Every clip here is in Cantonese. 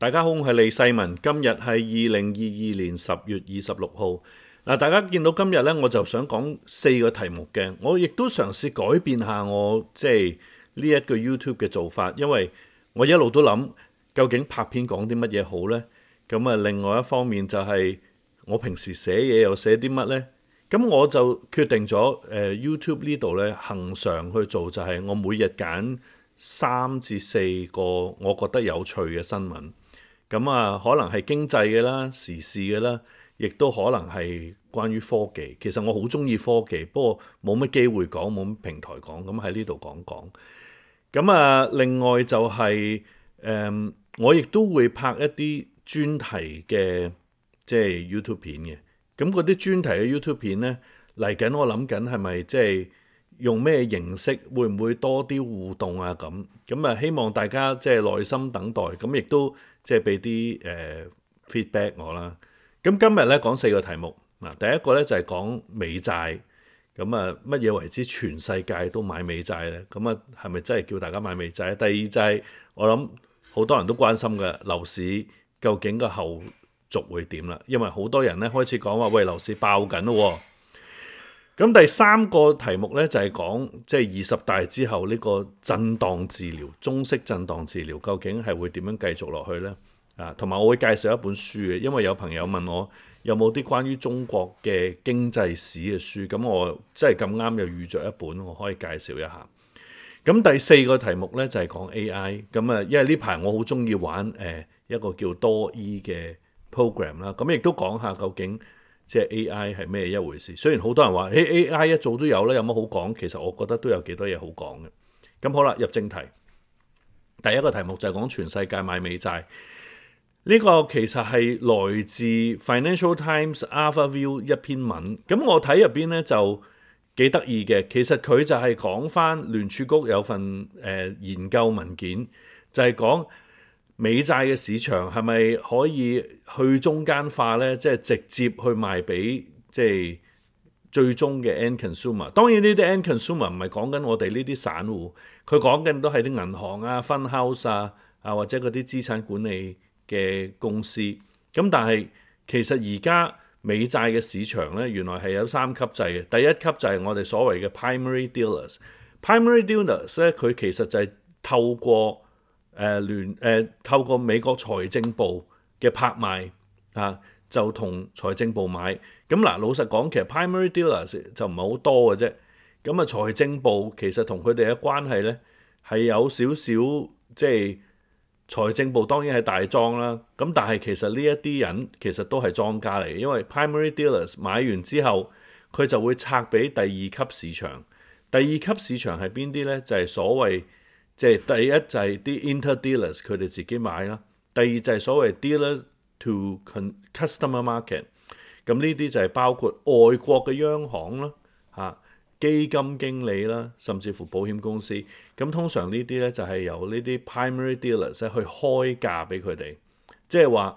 大家好，我係李世民。今日係二零二二年十月二十六號。嗱，大家見到今日呢，我就想講四個題目嘅。我亦都嘗試，試改變下我即係呢一個 YouTube 嘅做法，因為我一路都諗究竟拍片講啲乜嘢好呢？咁啊，另外一方面就係、是、我平時寫嘢又寫啲乜呢？咁我就決定咗誒 YouTube 呢度呢，恒常去做就係我每日揀三至四個我覺得有趣嘅新聞。咁啊，可能係經濟嘅啦，時事嘅啦，亦都可能係關於科技。其實我好中意科技，不過冇乜機會講，冇乜平台講，咁喺呢度講講。咁啊，另外就係、是、誒、嗯，我亦都會拍一啲專題嘅即係 YouTube 片嘅。咁嗰啲專題嘅 YouTube 片呢，嚟緊，我諗緊係咪即係。用咩形式？會唔會多啲互動啊？咁咁啊，希望大家即係耐心等待。咁亦都即係俾啲誒 feedback 我啦。咁今日咧講四個題目。嗱，第一個咧就係講美債。咁啊，乜嘢為之全世界都買美債咧？咁啊，係咪真係叫大家買美債？第二就係我諗好多人都關心嘅樓市，究竟個後續會點啦？因為好多人咧開始講話，喂，樓市爆緊咯、啊。咁第三個題目咧就係、是、講即係二十大之後呢個震盪治療，中式震盪治療究竟係會點樣繼續落去呢？啊，同埋我會介紹一本書嘅，因為有朋友問我有冇啲關於中國嘅經濟史嘅書，咁我即係咁啱又遇著一本，我可以介紹一下。咁第四個題目呢，就係、是、講 AI，咁啊，因為呢排我好中意玩誒、呃、一個叫多 E 嘅 program 啦，咁亦都講下究竟。即係 A.I. 係咩一回事？雖然好多人話誒、欸、A.I. 一早都有啦，有乜好講？其實我覺得都有幾多嘢好講嘅。咁好啦，入正題。第一個題目就係講全世界買美債。呢、這個其實係來自 Financial Times Alpha View 一篇文。咁我睇入邊咧就幾得意嘅。其實佢就係講翻聯儲局有份誒研究文件，就係、是、講。美債嘅市場係咪可以去中間化呢？即係直接去賣俾即係最終嘅 end consumer。當然呢啲 end consumer 唔係講緊我哋呢啲散戶，佢講緊都係啲銀行啊、fund house 啊、啊或者嗰啲資產管理嘅公司。咁但係其實而家美債嘅市場呢，原來係有三級制嘅。第一級就係我哋所謂嘅 primary dealers。primary dealers 呢，佢其實就係透過誒聯誒透過美國財政部嘅拍賣啊，就同財政部買。咁嗱，老實講，其實 primary dealers 就唔係好多嘅啫。咁啊，財政部其實同佢哋嘅關係咧，係有少少即係財政部當然係大莊啦。咁但係其實呢一啲人其實都係莊家嚟嘅，因為 primary dealers 買完之後，佢就會拆俾第二級市場。第二級市場係邊啲咧？就係所謂。即係第一就係啲 interdealers 佢哋自己買啦，第二就係所謂 dealer to customer market，咁呢啲就係包括外國嘅央行啦、吓基金經理啦，甚至乎保險公司，咁通常呢啲咧就係由呢啲 primary dealers 去開價俾佢哋，即係話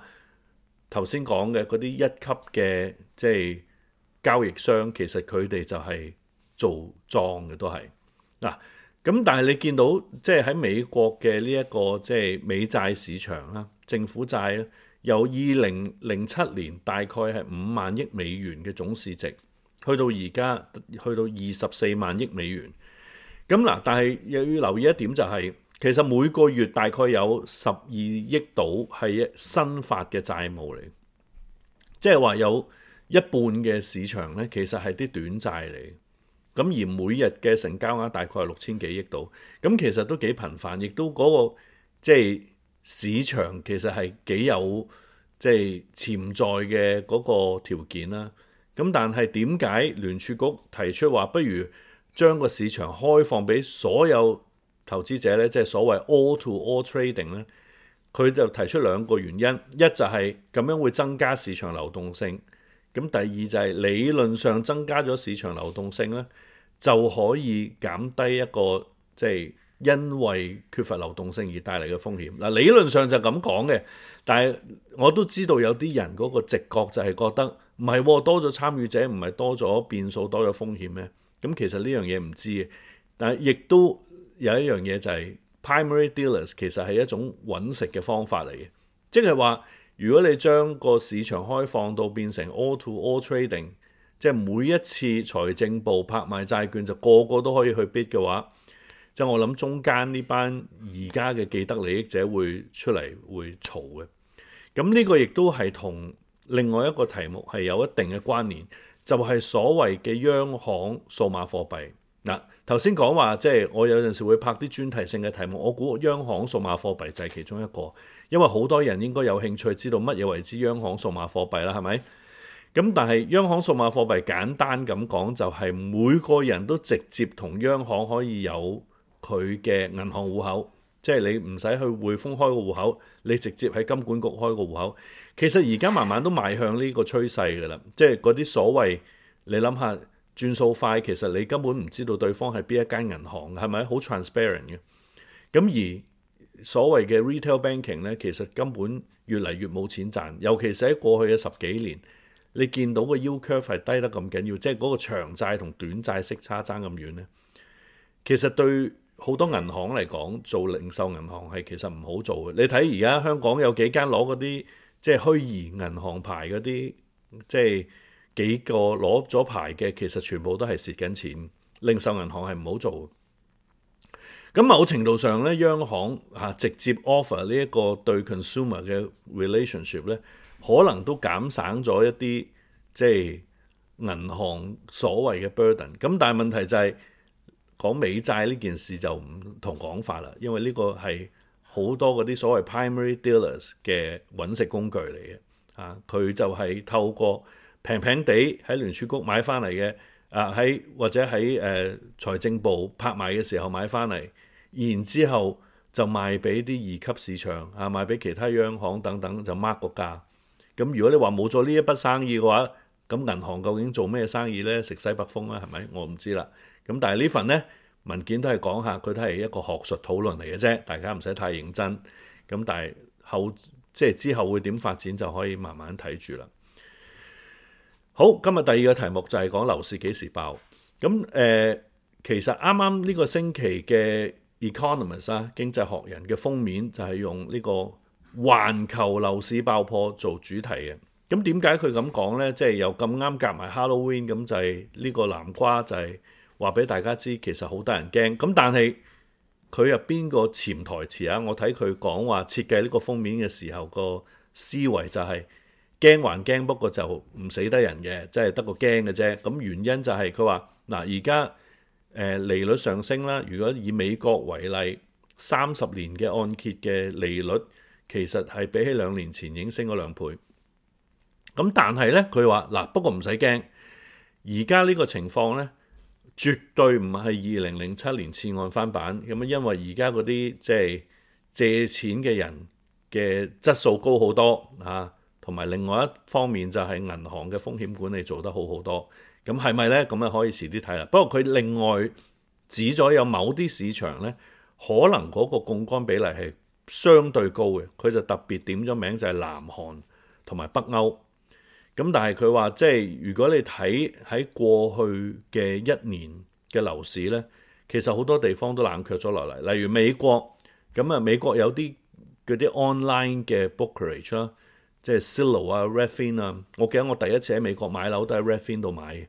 頭先講嘅嗰啲一級嘅即係交易商，其實佢哋就係做莊嘅都係嗱。咁但係你見到即係喺美國嘅呢一個即係、就是、美債市場啦，政府債由二零零七年大概係五萬億美元嘅總市值，去到而家去到二十四萬億美元。咁嗱，但係又要留意一點就係、是，其實每個月大概有十二億度係新發嘅債務嚟，即係話有一半嘅市場咧，其實係啲短債嚟。咁而每日嘅成交額大概係六千幾億度，咁其實都幾頻繁，亦都嗰個即係市場其實係幾有即係潛在嘅嗰個條件啦。咁但係點解聯儲局提出話不如將個市場開放俾所有投資者咧，即係所謂 all-to-all trading 咧？佢就提出兩個原因，一就係咁樣會增加市場流動性。咁第二就係、是、理論上增加咗市場流動性咧，就可以減低一個即係、就是、因為缺乏流動性而帶嚟嘅風險。嗱，理論上就咁講嘅，但係我都知道有啲人嗰個直覺就係覺得唔係多咗參與者，唔係多咗變數，多咗風險咩？咁其實呢樣嘢唔知嘅，但係亦都有一樣嘢就係、是、primary dealers 其實係一種揾食嘅方法嚟嘅，即係話。如果你將個市場開放到變成 all to all trading，即係每一次財政部拍賣債券就個個都可以去 bid 嘅話，就我諗中間呢班而家嘅既得利益者會出嚟會嘈嘅。咁呢個亦都係同另外一個題目係有一定嘅關聯，就係所謂嘅央行數碼貨幣嗱。頭先講話即係我有陣時會拍啲專題性嘅題目，我估央行數碼貨幣就係其中一個。因為好多人應該有興趣知道乜嘢為之央行數碼貨幣啦，係咪？咁但係央行數碼貨幣簡單咁講，就係每個人都直接同央行可以有佢嘅銀行戶口，即係你唔使去匯豐開個戶口，你直接喺金管局開個戶口。其實而家慢慢都邁向呢個趨勢㗎啦，即係嗰啲所謂你諗下轉數快，其實你根本唔知道對方係邊一間銀行，係咪好 transparent 嘅？咁而所謂嘅 retail banking 咧，其實根本越嚟越冇錢賺，尤其是喺過去嘅十幾年，你見到個 U curve 係低得咁緊要，即係嗰個長債同短債息差爭咁遠咧。其實對好多銀行嚟講，做零售銀行係其實唔好做嘅。你睇而家香港有幾間攞嗰啲即係虛擬銀行牌嗰啲，即係幾個攞咗牌嘅，其實全部都係蝕緊錢。零售銀行係唔好做。咁某程度上咧，央行啊直接 offer 呢一個對 consumer 嘅 relationship 咧，可能都減省咗一啲即係銀行所謂嘅 burden。咁但係問題就係、是、講美債呢件事就唔同講法啦，因為呢個係好多嗰啲所謂 primary dealers 嘅揾食工具嚟嘅，啊佢就係透過平平地喺聯儲局買翻嚟嘅，啊喺或者喺誒、呃、財政部拍賣嘅時候買翻嚟。然之後就賣俾啲二級市場啊，賣俾其他央行等等，就 mark 個價。咁如果你話冇咗呢一筆生意嘅話，咁銀行究竟做咩生意呢？食西北風呀，係咪？我唔知啦。咁但係呢份咧文件都係講下，佢都係一個學術討論嚟嘅啫，大家唔使太認真。咁但係後即係之後會點發展就可以慢慢睇住啦。好，今日第二個題目就係講樓市幾時爆？咁誒、呃，其實啱啱呢個星期嘅。Economist 啊，Economist，經濟學人嘅封面就係、是、用呢個環球樓市爆破做主題嘅。咁點解佢咁講呢？即、就、係、是、又咁啱夾埋 Halloween，咁就係呢個南瓜就係話俾大家知，其實好得人驚。咁但係佢入邊個潛台詞啊，我睇佢講話設計呢個封面嘅時候個思維就係、是、驚還驚，不過就唔死得人嘅，即係得個驚嘅啫。咁原因就係佢話嗱，而家。誒利率上升啦！如果以美國為例，三十年嘅按揭嘅利率其實係比起兩年前已經升咗兩倍。咁但係咧，佢話嗱，不過唔使驚，而家呢個情況咧，絕對唔係二零零七年次按翻版咁啊，因為而家嗰啲即係借錢嘅人嘅質素高好多啊。同埋另外一方面就係銀行嘅風險管理做得好好多，咁係咪咧？咁咧可以遲啲睇啦。不過佢另外指咗有某啲市場咧，可能嗰個槓桿比例係相對高嘅，佢就特別點咗名就係南韓同埋北歐。咁但係佢話即係如果你睇喺過去嘅一年嘅樓市咧，其實好多地方都冷卻咗落嚟，例如美國咁啊，美國有啲嗰啲 online 嘅 brokerage 啦。即係 Zillow 啊、Redfin 啊，我記得我第一次喺美國買樓都喺 Redfin 度買嘅。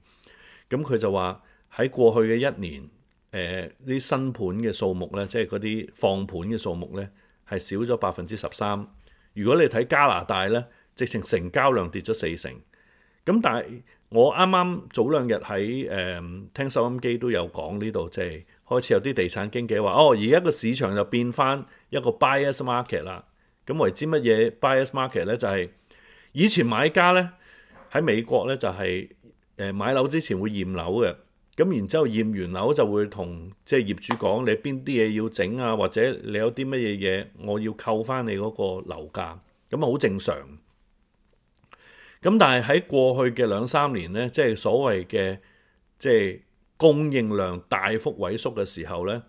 咁佢就話喺過去嘅一年，誒、呃、啲新盤嘅數目咧，即係嗰啲放盤嘅數目咧，係少咗百分之十三。如果你睇加拿大咧，直情成交量跌咗四成。咁但係我啱啱早兩日喺誒聽收音機都有講呢度，即、就、係、是、開始有啲地產經紀話，哦而家個市場就變返一個 buyers market 啦。咁為之乜嘢 buyers market 咧？就係以前買家咧，喺美國咧，就係誒買樓之前會驗樓嘅。咁然之後驗完樓就會同即係業主講你邊啲嘢要整啊，或者你有啲乜嘢嘢我要扣翻你嗰個樓價，咁啊好正常。咁但係喺過去嘅兩三年咧，即係所謂嘅即係供應量大幅萎縮嘅時候咧，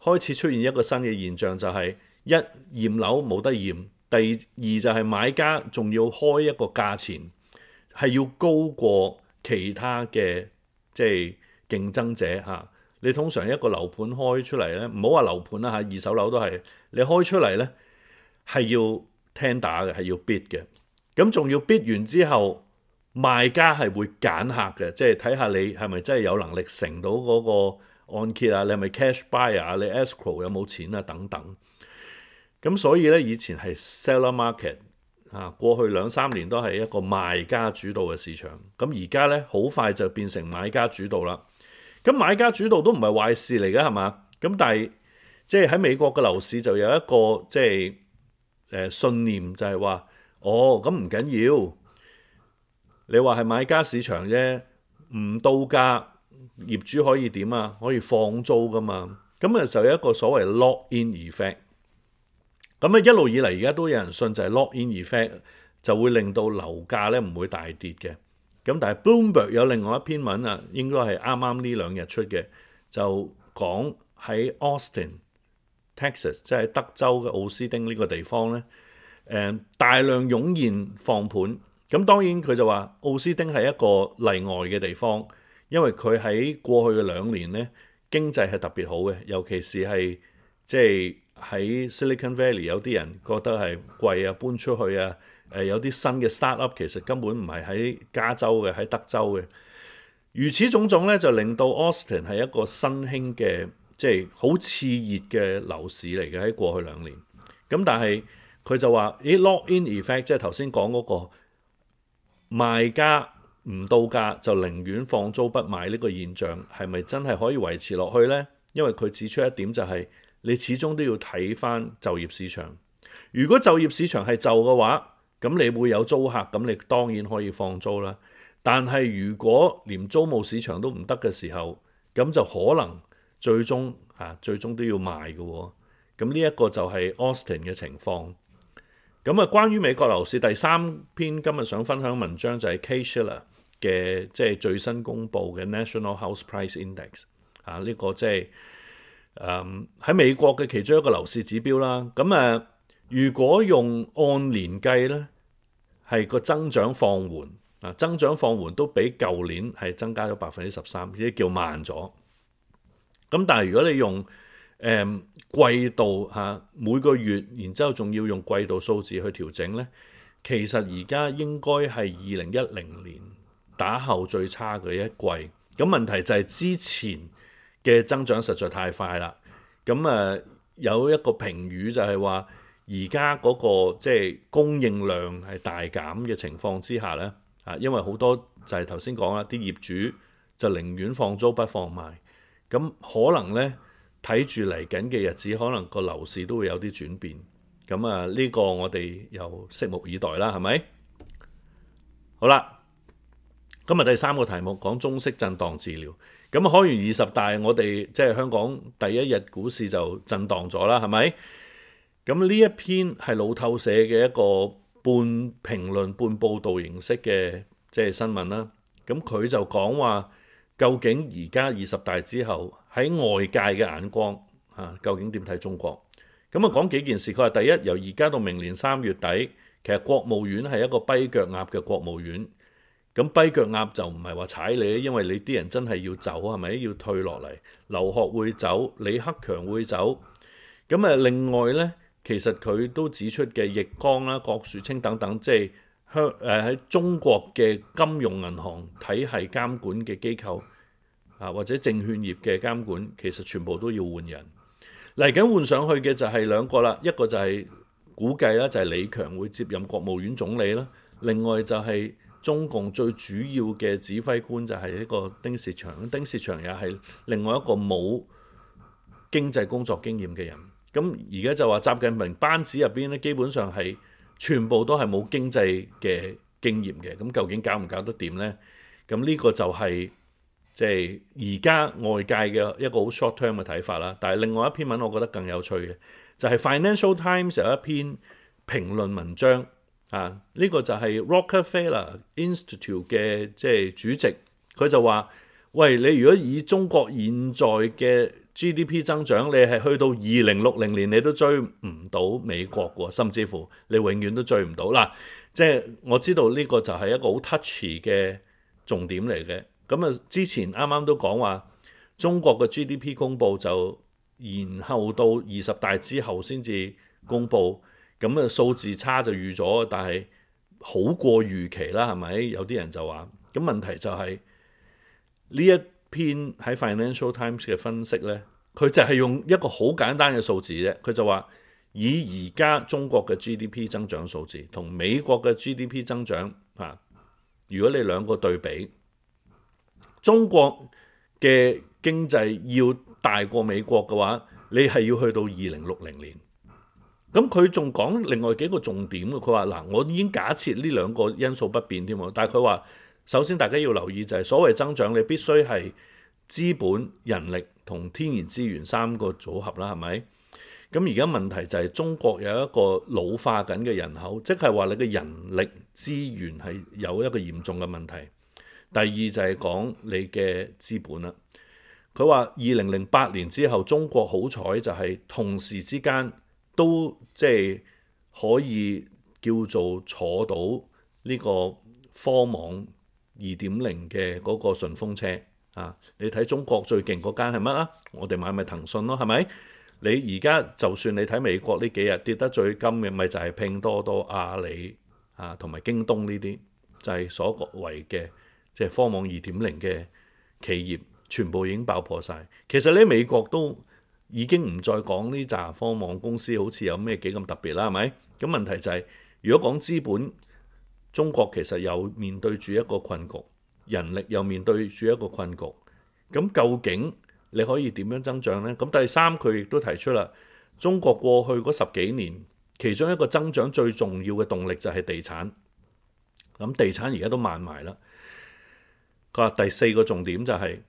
開始出現一個新嘅現象就係。一驗樓冇得驗，第二就係、是、買家仲要開一個價錢係要高過其他嘅即係競爭者嚇、啊。你通常一個樓盤開出嚟咧，唔好話樓盤啦嚇，二手樓都係你開出嚟咧係要聽打嘅，係要 bid 嘅。咁仲要 bid 完之後，賣家係會揀客嘅，即係睇下你係咪真係有能力成到嗰個按揭啊？你係咪 cash buyer？、啊、你 escrow 有冇錢啊？等等。咁所以咧，以前係 Seller Market 啊，過去兩三年都係一個賣家主導嘅市場。咁而家咧，好快就變成買家主導啦。咁、啊、買家主導都唔係壞事嚟噶，係嘛？咁、啊、但係即係喺美國嘅樓市就有一個即係誒信念就，就係話哦，咁唔緊要，你話係買家市場啫，唔到價，業主可以點啊？可以放租噶嘛？咁啊就有一個所謂 lock-in effect。咁啊一路以嚟而家都有人信就係 lock in effect 就會令到樓價咧唔會大跌嘅。咁但係《Bloomberg》有另外一篇文啊，應該係啱啱呢兩日出嘅，就講喺 Austin Texas，即係德州嘅奧斯丁呢個地方咧，誒大量湧現放盤。咁當然佢就話奧斯丁係一個例外嘅地方，因為佢喺過去嘅兩年咧經濟係特別好嘅，尤其是係即係。喺 Silicon Valley 有啲人覺得係貴啊，搬出去啊，誒有啲新嘅 start up 其實根本唔係喺加州嘅，喺德州嘅。如此種種咧，就令到 Austin 係一個新興嘅，即係好熾熱嘅樓市嚟嘅，喺過去兩年。咁但係佢就話，咦，lock in effect，即係頭先講嗰個賣家唔到價就寧願放租不賣呢個現象，係咪真係可以維持落去呢？因為佢指出一點就係、是。你始終都要睇翻就業市場。如果就業市場係就嘅話，咁你會有租客，咁你當然可以放租啦。但係如果連租務市場都唔得嘅時候，咁就可能最終嚇、啊、最終都要賣嘅、哦。咁呢一個就係 Austin 嘅情況。咁啊，關於美國樓市第三篇今日想分享文章就係 Case-Shiller 嘅即係最新公布嘅 National House Price Index 啊，呢、這個即係。誒喺美國嘅其中一個樓市指標啦，咁誒如果用按年計呢，係個增長放緩啊，增長放緩都比舊年係增加咗百分之十三，即叫慢咗。咁但係如果你用誒、嗯、季度嚇每個月，然之後仲要用季度數字去調整呢，其實而家應該係二零一零年打後最差嘅一季。咁問題就係之前。嘅增長實在太快啦，咁啊有一個評語就係話，而家嗰個即係、就是、供應量係大減嘅情況之下呢啊，因為好多就係頭先講啦，啲業主就寧願放租不放賣，咁可能呢睇住嚟緊嘅日子，可能個樓市都會有啲轉變，咁啊呢個我哋又拭目以待啦，係咪？好啦，今日第三個題目講中式震盪治療。咁開完二十大，我哋即係香港第一日股市就震盪咗啦，係咪？咁呢一篇係老透社嘅一個半評論半報導形式嘅即係新聞啦。咁佢就講話，究竟而家二十大之後喺外界嘅眼光啊，究竟點睇中國？咁啊講幾件事，佢話第一由而家到明年三月底，其實國務院係一個跛腳鴨嘅國務院。咁跛腳鴨就唔係話踩你，因為你啲人真係要走，係咪要退落嚟？劉鶴會走，李克強會走。咁誒，另外呢，其實佢都指出嘅易綱啦、郭樹清等等，即係香誒喺中國嘅金融銀行體系監管嘅機構啊，或者證券業嘅監管，其實全部都要換人。嚟緊換上去嘅就係兩個啦，一個就係估計啦，就係李強會接任國務院總理啦。另外就係、是。中共最主要嘅指揮官就係一個丁薛祥，丁薛祥又係另外一個冇經濟工作經驗嘅人。咁而家就話習近平班子入邊咧,基本上係全部都係冇經濟嘅經驗嘅。咁究竟搞唔搞得掂咧？咁呢個就係即係而家外界嘅一個好 short term 嘅睇法啦。但係另外一篇文，我覺得更有趣嘅就係、是、Financial Times 有一篇評論文章。啊！呢、這個就係 Rockefeller、er、Institute 嘅即係主席，佢就話：喂，你如果以中國現在嘅 GDP 增長，你係去到二零六零年，你都追唔到美國嘅，甚至乎你永遠都追唔到嗱、啊。即係我知道呢個就係一個好 touchy 嘅重點嚟嘅。咁啊，之前啱啱都講話中國嘅 GDP 公佈就延後到二十大之後先至公佈。咁啊，數字差就預咗，但係好過預期啦，係咪？有啲人就話，咁問題就係、是、呢一篇喺 Financial Times 嘅分析呢，佢就係用一個好簡單嘅數字啫，佢就話以而家中國嘅 GDP 增長數字同美國嘅 GDP 增長啊，如果你兩個對比，中國嘅經濟要大過美國嘅話，你係要去到二零六零年。咁佢仲講另外幾個重點嘅，佢話嗱，我已經假設呢兩個因素不變添，但係佢話首先大家要留意就係所謂增長，你必須係資本、人力同天然資源三個組合啦，係咪？咁而家問題就係中國有一個老化緊嘅人口，即係話你嘅人力資源係有一個嚴重嘅問題。第二就係講你嘅資本啦。佢話二零零八年之後，中國好彩就係同時之間。都即係、就是、可以叫做坐到呢個科網二點零嘅嗰個順風車啊！你睇中國最勁嗰間係乜啊？我哋買咪騰訊咯，係咪？你而家就算你睇美國呢幾日跌得最金嘅咪就係拼多多、阿里啊同埋京東呢啲，就係、是、所謂嘅即係科網二點零嘅企業，全部已經爆破晒。其實你喺美國都。已經唔再講呢紮科網公司好似有咩幾咁特別啦，係咪咁？問題就係、是、如果講資本，中國其實又面對住一個困局，人力又面對住一個困局。咁究竟你可以點樣增長呢？咁第三佢亦都提出啦，中國過去嗰十幾年，其中一個增長最重要嘅動力就係地產。咁地產而家都慢埋啦。佢話第四個重點就係、是、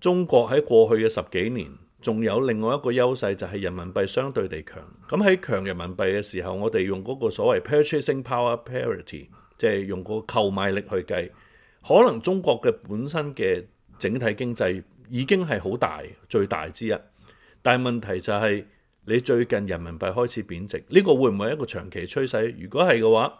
中國喺過去嘅十幾年。仲有另外一個優勢就係人民幣相對地強。咁喺強人民幣嘅時候，我哋用嗰個所謂 purchasing power parity，即係用個購買力去計，可能中國嘅本身嘅整體經濟已經係好大，最大之一。但係問題就係你最近人民幣開始貶值，呢個會唔會係一個長期趨勢？如果係嘅話，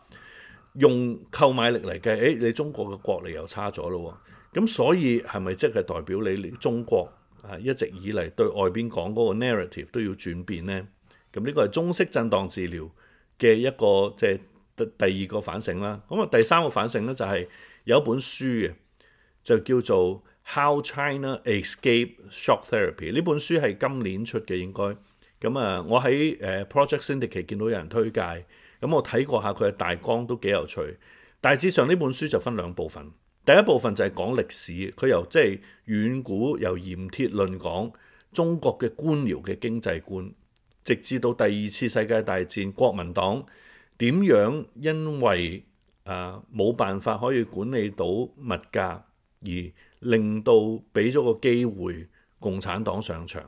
用購買力嚟計，誒你中國嘅國力又差咗咯。咁所以係咪即係代表你，你中國？啊，一直以嚟對外邊講嗰個 narrative 都要轉變咧，咁呢個係中式震盪治療嘅一個即係、就是、第二個反省啦。咁啊，第三個反省咧就係有一本書嘅，就叫做 How China Escaped Shock Therapy。呢本書係今年出嘅應該，咁啊，我喺誒 Project Syndicate 見到有人推介，咁我睇過下佢嘅大綱都幾有趣。大致上呢本書就分兩部分。第一部分就係講歷史，佢由即係遠古由鹽鐵論講中國嘅官僚嘅經濟觀，直至到第二次世界大戰，國民黨點樣因為啊冇辦法可以管理到物價，而令到俾咗個機會共產黨上場。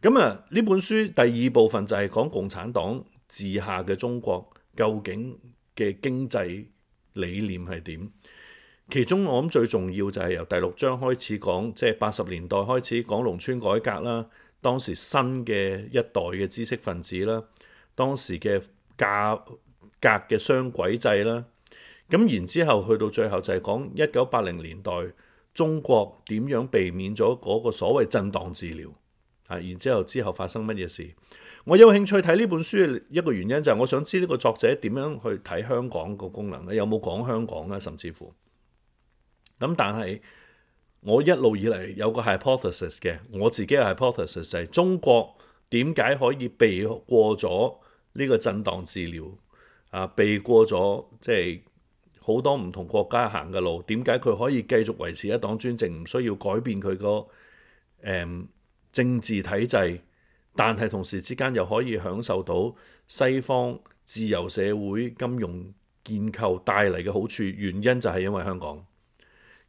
咁、嗯、啊，呢本書第二部分就係講共產黨治下嘅中國究竟嘅經濟理念係點？其中我諗最重要就係由第六章開始講，即係八十年代開始講農村改革啦，當時新嘅一代嘅知識分子啦，當時嘅價格嘅雙軌制啦，咁然之後去到最後就係講一九八零年代中國點樣避免咗嗰個所謂震盪治療，啊，然之後之後發生乜嘢事？我有興趣睇呢本書嘅一個原因就係我想知呢個作者點樣去睇香港個功能咧，有冇講香港啊，甚至乎？咁但係我一路以嚟有個 hypothesis 嘅，我自己個 hypothesis 就係中國點解可以避過咗呢個震盪治療啊？避過咗即係好多唔同國家行嘅路，點解佢可以繼續維持一黨專政，唔需要改變佢個、嗯、政治體制，但係同時之間又可以享受到西方自由社會金融建構帶嚟嘅好處？原因就係因為香港。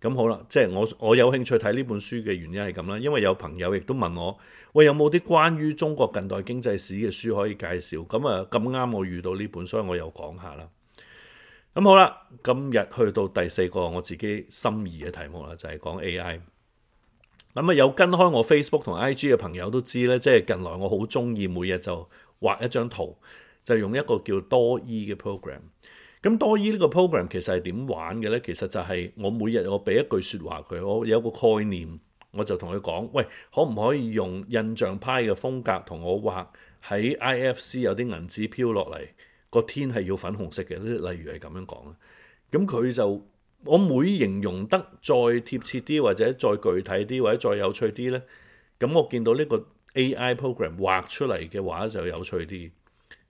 咁好啦，即係我我有興趣睇呢本書嘅原因係咁啦，因為有朋友亦都問我，喂有冇啲關於中國近代經濟史嘅書可以介紹？咁啊咁啱我遇到呢本，所以我又講下啦。咁好啦，今日去到第四個我自己心意嘅題目啦，就係、是、講 A I。咁啊有跟開我 Facebook 同 I G 嘅朋友都知咧，即、就、係、是、近來我好鍾意每日就畫一張圖，就用一個叫多 E 嘅 program。咁多依呢個 program 其實係點玩嘅咧？其實就係我每日我俾一句説話佢，我有個概念，我就同佢講：喂，可唔可以用印象派嘅風格同我畫喺 IFC 有啲銀紙飄落嚟，個天係要粉紅色嘅？呢例如係咁樣講啊。咁佢就我每形容得再貼切啲，或者再具體啲，或者再有趣啲咧。咁我見到呢個 AI program 畫出嚟嘅畫就有趣啲。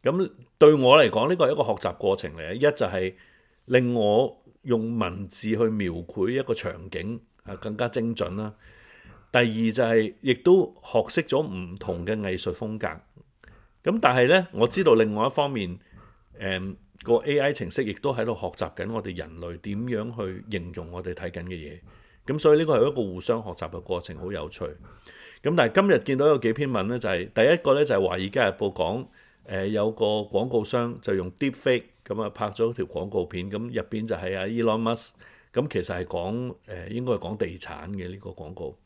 咁對我嚟講，呢個係一個學習過程嚟嘅，一就係令我用文字去描繪一個場景係更加精準啦。第二就係亦都學識咗唔同嘅藝術風格。咁但係呢，我知道另外一方面，誒、嗯，嗰個 A.I 程式亦都喺度學習緊我哋人類點樣去形容我哋睇緊嘅嘢。咁所以呢個係一個互相學習嘅過程，好有趣。咁但係今日見到有幾篇文呢、就係，就係第一個呢，就係、是《華爾街日報》講。誒、呃、有個廣告商就用 Deepfake 咁啊拍咗條廣告片，咁入邊就係阿 Elon Musk，咁其實係講誒應該係講地產嘅呢、這個廣告，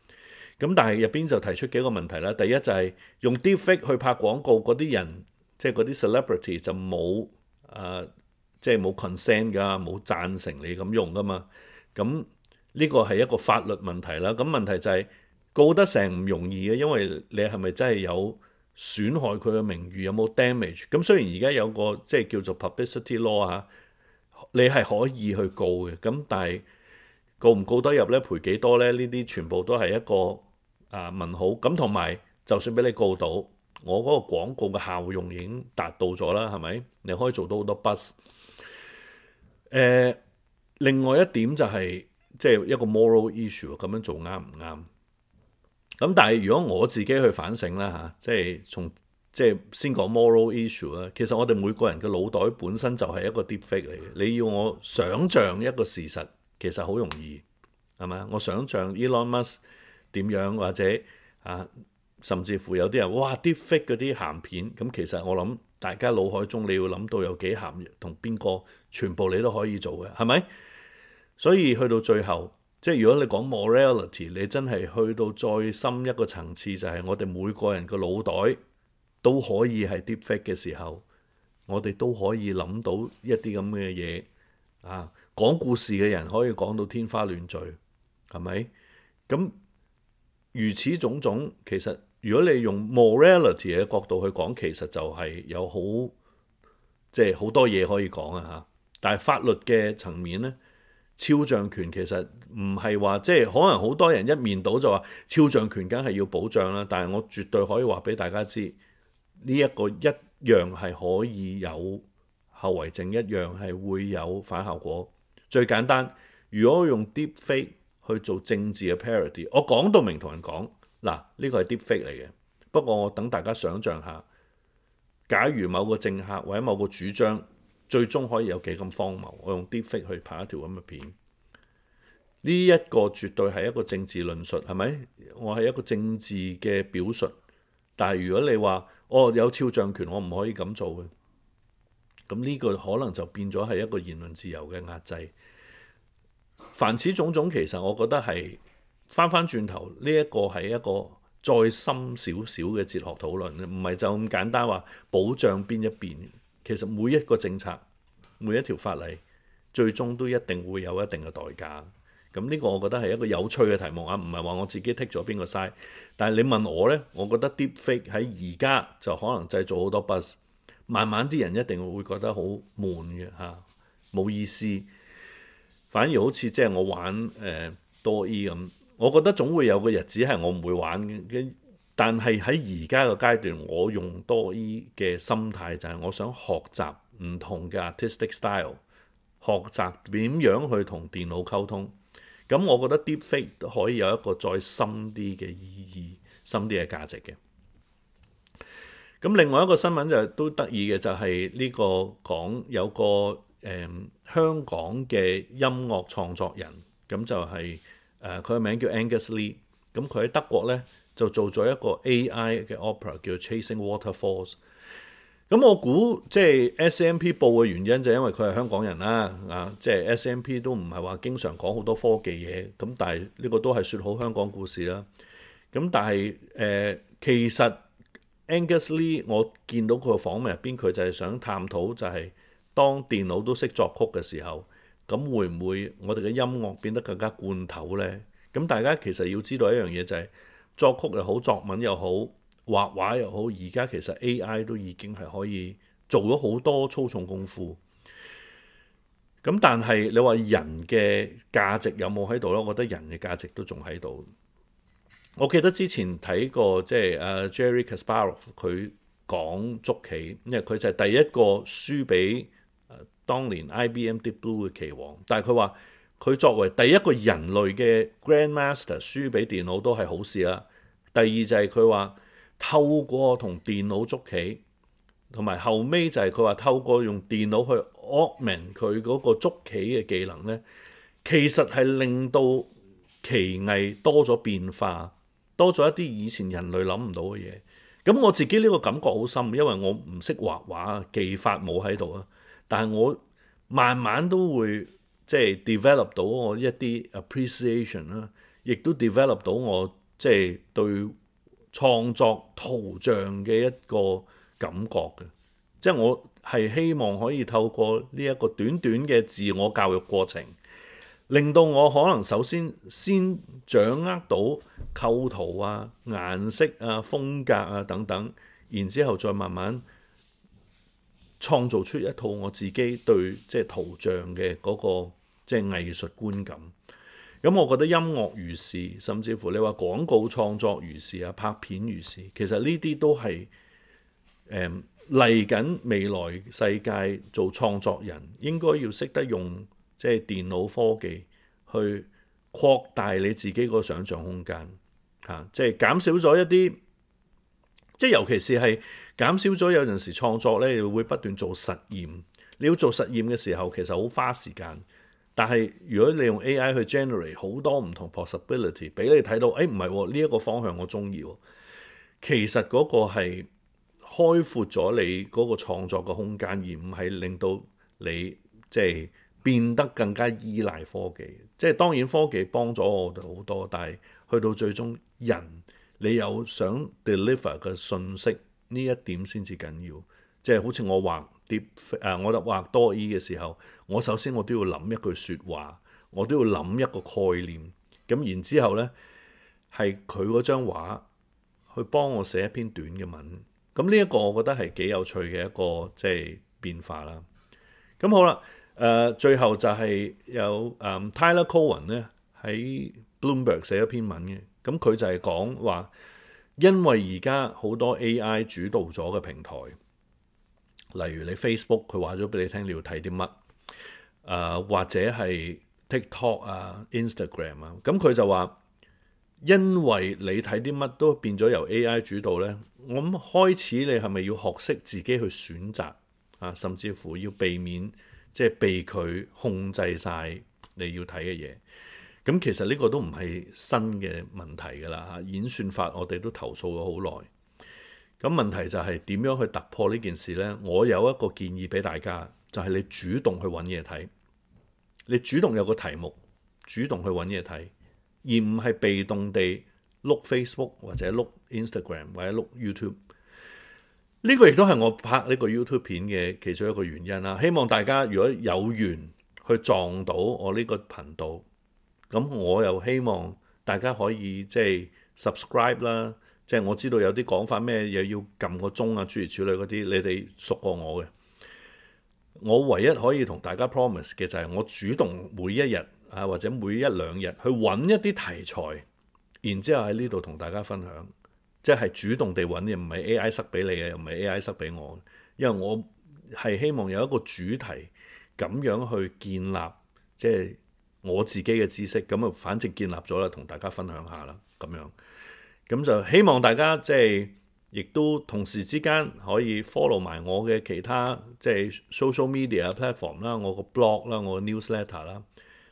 咁但係入邊就提出幾個問題啦。第一就係用 Deepfake 去拍廣告嗰啲人，即係嗰啲 celebrity 就冇、是、誒，即係冇 consent 㗎，冇、就是、贊成你咁用㗎嘛。咁呢個係一個法律問題啦。咁問題就係、是、告得成唔容易嘅，因為你係咪真係有？損害佢嘅名譽，有冇 damage？咁雖然而家有個即係叫做 publicity law 嚇、啊，你係可以去告嘅。咁但係告唔告得入咧？賠幾多咧？呢啲全部都係一個啊問號。咁同埋就算俾你告到，我嗰個廣告嘅效用已經達到咗啦，係咪？你可以做到好多 buzz。誒、呃，另外一點就係即係一個 moral issue，咁樣做啱唔啱？咁但係如果我自己去反省啦嚇，即係從即係先講 moral issue 啦。其實我哋每個人嘅腦袋本身就係一個 deep fake 嚟嘅。你要我想像一個事實，其實好容易係咪？我想像 Elon Musk 點樣，或者啊，甚至乎有啲人哇 deep fake 嗰啲鹹片，咁其實我諗大家腦海中你要諗到有幾鹹同邊個，全部你都可以做嘅，係咪？所以去到最後。即係如果你講 morality，你真係去到再深一個層次，就係、是、我哋每個人個腦袋都可以係 defect 嘅時候，我哋都可以諗到一啲咁嘅嘢啊！講故事嘅人可以講到天花亂墜，係咪？咁如此種種，其實如果你用 morality 嘅角度去講，其實就係有好即係好多嘢可以講啊！嚇，但係法律嘅層面咧。肖像權其實唔係話即係，可能好多人一面倒就話肖像權梗係要保障啦。但係我絕對可以話俾大家知，呢一個一樣係可以有後遺症，一樣係會有反效果。最簡單，如果用 deep fake 去做政治嘅 parody，我講到明同人講嗱，呢個係 deep fake 嚟嘅。不過我等大家想像下，假如某個政客或者某個主張。最終可以有幾咁荒謬？我用啲 deepfake 去拍一條咁嘅片，呢一個絕對係一個政治論述，係咪？我係一個政治嘅表述。但係如果你話，哦，有肖像權，我唔可以咁做嘅，咁呢個可能就變咗係一個言論自由嘅壓制。凡此種種，其實我覺得係返返轉頭，呢一個係一個再深少少嘅哲學討論，唔係就咁簡單話保障邊一邊。其實每一個政策、每一條法例，最終都一定會有一定嘅代價。咁呢個我覺得係一個有趣嘅題目啊，唔係話我自己剔咗邊個 size，但係你問我呢，我覺得啲 deepfake 喺而家就可能製造好多 buzz，慢慢啲人一定會覺得好悶嘅嚇，冇、啊、意思。反而好似即係我玩誒、呃、多 E 咁，我覺得總會有個日子係我唔會玩嘅。但係喺而家個階段，我用多啲嘅心態就係我想學習唔同嘅 artistic style，學習點樣去同電腦溝通。咁我覺得 deepfake 可以有一個再深啲嘅意義、深啲嘅價值嘅。咁另外一個新聞就都得意嘅，就係、是、呢個講有個誒、呃、香港嘅音樂創作人，咁就係誒佢個名叫 Angus Lee，咁佢喺德國咧。就做咗一個 AI 嘅 opera 叫《Chasing Waterfalls》，咁我估即係 S M P 報嘅原因就係因為佢係香港人啦，啊，即係 S M P 都唔係話經常講好多科技嘢，咁但係呢個都係説好香港故事啦。咁但係誒、呃，其實 Angus Lee 我見到佢嘅訪問入邊，佢就係想探討就係當電腦都識作曲嘅時候，咁會唔會我哋嘅音樂變得更加罐頭呢？咁大家其實要知道一樣嘢就係。作曲又好，作文又好，畫畫又好，而家其實 AI 都已經係可以做咗好多粗重功夫。咁但係你話人嘅價值有冇喺度咧？我覺得人嘅價值都仲喺度。我記得之前睇過即係、就是、Jerry Kasparov 佢講捉棋，因為佢就係第一個輸俾當年 IBM Deep Blue 嘅棋王，但係佢話。佢作為第一個人類嘅 grandmaster 輸俾電腦都係好事啦。第二就係佢話透過同電腦捉棋，同埋後尾就係佢話透過用電腦去 augment 佢嗰個捉棋嘅技能咧，其實係令到棋藝多咗變化，多咗一啲以前人類諗唔到嘅嘢。咁我自己呢個感覺好深，因為我唔識畫畫，技法冇喺度啊。但係我慢慢都會。即係 develop 到我一啲 appreciation 啦，亦都 develop 到我即係對創作圖像嘅一個感覺嘅。即係我係希望可以透過呢一個短短嘅自我教育過程，令到我可能首先先掌握到構圖啊、顏色啊、風格啊等等，然之後再慢慢創造出一套我自己對即係圖像嘅嗰個。即係藝術觀感咁，我覺得音樂如是，甚至乎你話廣告創作如是啊，拍片如是。其實呢啲都係誒嚟緊未來世界做創作人應該要識得用即係電腦科技去擴大你自己個想像空間嚇，啊，即係減少咗一啲即係，尤其是係減少咗有陣時創作咧，你會不斷做實驗。你要做實驗嘅時候，其實好花時間。但係如果你用 A.I. 去 generate 好多唔同 possibility，俾你睇到，誒唔係呢一個方向我中意，哦。其實嗰個係開闊咗你嗰個創作嘅空間，而唔係令到你即係、就是、變得更加依賴科技。即、就、係、是、當然科技幫咗我好多，但係去到最終人，你有想 deliver 嘅信息呢一點先至緊要。即、就、係、是、好似我畫。啲誒，我畫多 E 嘅時候，我首先我都要諗一句説話，我都要諗一個概念，咁然之後呢，係佢嗰張畫去幫我寫一篇短嘅文，咁呢一個我覺得係幾有趣嘅一個即係、就是、變化啦。咁好啦，誒最後就係有誒 Tyler Cowen 呢喺 Bloomberg 寫一篇文嘅，咁佢就係講話，因為而家好多 AI 主導咗嘅平台。例如你 Facebook 佢話咗俾你聽你要睇啲乜，誒、呃、或者係 TikTok 啊、Instagram 啊，咁佢就話，因為你睇啲乜都變咗由 AI 主導咧，我諗開始你係咪要學識自己去選擇啊，甚至乎要避免即係、就是、被佢控制晒你要睇嘅嘢？咁其實呢個都唔係新嘅問題噶啦嚇，演算法我哋都投訴咗好耐。咁問題就係點樣去突破呢件事呢？我有一個建議俾大家，就係、是、你主動去揾嘢睇，你主動有個題目，主動去揾嘢睇，而唔係被動地 look Facebook 或者 look Instagram 或者 look YouTube。呢、這個亦都係我拍呢個 YouTube 片嘅其中一個原因啦。希望大家如果有緣去撞到我呢個頻道，咁我又希望大家可以即係、就是、subscribe 啦。即係我知道有啲講法咩嘢要撳個鐘啊，諸如此類嗰啲，你哋熟過我嘅。我唯一可以同大家 promise 嘅就係我主動每一日啊，或者每一兩日去揾一啲題材，然之後喺呢度同大家分享。即係主動地揾嘅，唔係 AI 塞俾你嘅，又唔係 AI 塞俾我。因為我係希望有一個主題咁樣去建立，即係我自己嘅知識。咁啊，反正建立咗啦，同大家分享下啦，咁樣。咁就希望大家即係，亦都同時之間可以 follow 埋我嘅其他即係 social media platform 啦，我個 blog 啦，我 newsletter 啦，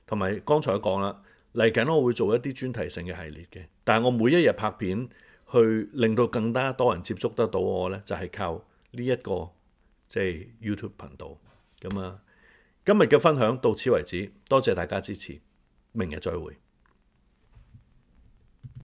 同埋剛才講啦，嚟緊我會做一啲專題性嘅系列嘅，但係我每一日拍片去令到更加多人接觸得到我咧，就係靠呢一個，即係 YouTube 頻道咁啊！今日嘅分享到此為止，多謝大家支持，明日再會。